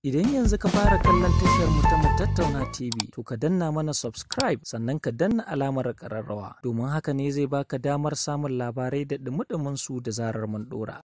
Idan yanzu ka fara kallon tashar mu ta tattauna TV, to ka danna mana subscribe sannan ka danna alamar ƙararrawa, domin haka ne zai baka damar samun labarai da dumudumin su da zarar mun ɗora.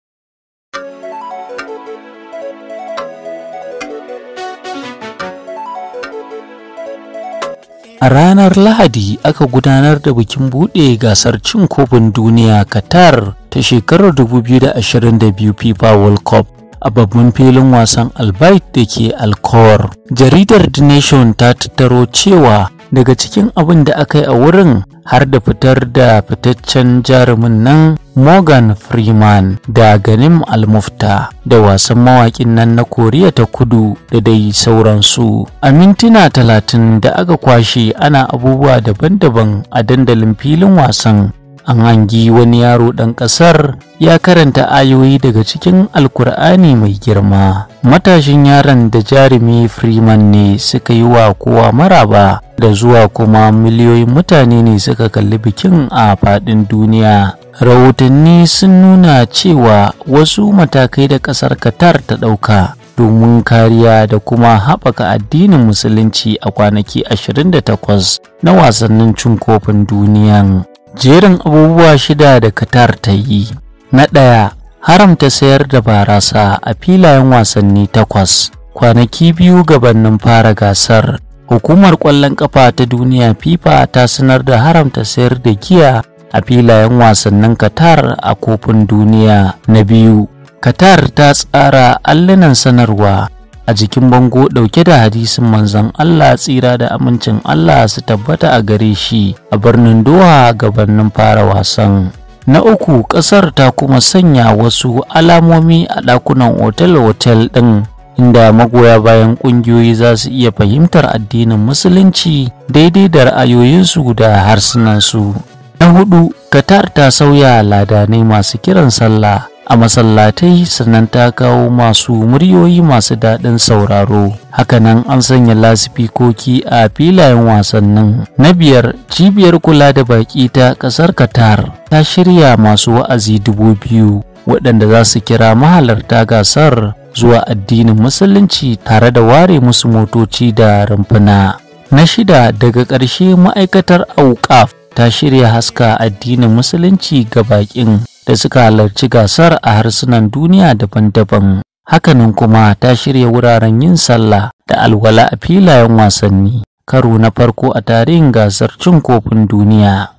A ranar Lahadi aka gudanar da bikin buɗe gasar cin kofin duniya Qatar ta shekarar 2022 FIFA World Cup. a babban filin wasan albait da ke alkor jaridar the nation ta tattaro cewa daga cikin abin da aka yi a wurin har da fitar da fitaccen jarumin nan morgan freeman da ganim almufta da wasan mawakin nan na koriya ta kudu da dai sauransu a mintuna talatin da aka kwashe ana abubuwa daban-daban a dandalin filin wasan an hangi wani yaro ɗan ƙasar ya karanta ayoyi daga cikin alkur'ani mai girma matashin yaron da jarumi freeman ne suka yi wa kowa maraba da zuwa kuma miliyoyin mutane ne suka kalli bikin a faɗin duniya rahotanni sun nuna cewa wasu matakai da ƙasar qatar ta ɗauka domin kariya da kuma haɓaka addinin musulunci a kwanaki 28 na wasannin cin kofin duniyan jerin abubuwa shida da Qatar ta yi. Na ɗaya, haramta sayar da barasa a filayen wasanni takwas, kwanaki biyu gabanin fara gasar. Hukumar ƙwallon ƙafa ta duniya FIFA ta sanar da haramta sayar da giya a filayen wasannin Qatar a kofin duniya na biyu. Qatar ta tsara allunan sanarwa a jikin bango ɗauke da hadisin manzon Allah tsira da amincin Allah su tabbata a gare shi a birnin Doha gabanin fara wasan. Na uku ƙasar ta kuma sanya wasu alamomi a ɗakunan otel-otel ɗin inda magoya bayan ƙungiyoyi za su iya fahimtar addinin musulunci daidai da ra'ayoyinsu da harsunansu. Na hudu, Qatar ta sauya ladanai masu kiran sallah a masallatai sannan ta kawo masu muryoyi masu daɗin sauraro hakanan an sanya lasifikoki a filayen wasannin na biyar cibiyar kula da baƙi ta ƙasar qatar ta shirya masu wa'azi dubu biyu waɗanda za su kira mahalarta gasar zuwa addinin musulunci tare da ware musu motoci da rumfuna na shida daga ƙarshe ma'aikatar auƙaf ta shirya haska addinin musulunci ga baƙin da suka halarci gasar a harsunan duniya daban-daban. Hakanan kuma ta shirya wuraren yin sallah da alwala a filayen wasanni, karo na farko a tarihin gasar cin kofin duniya.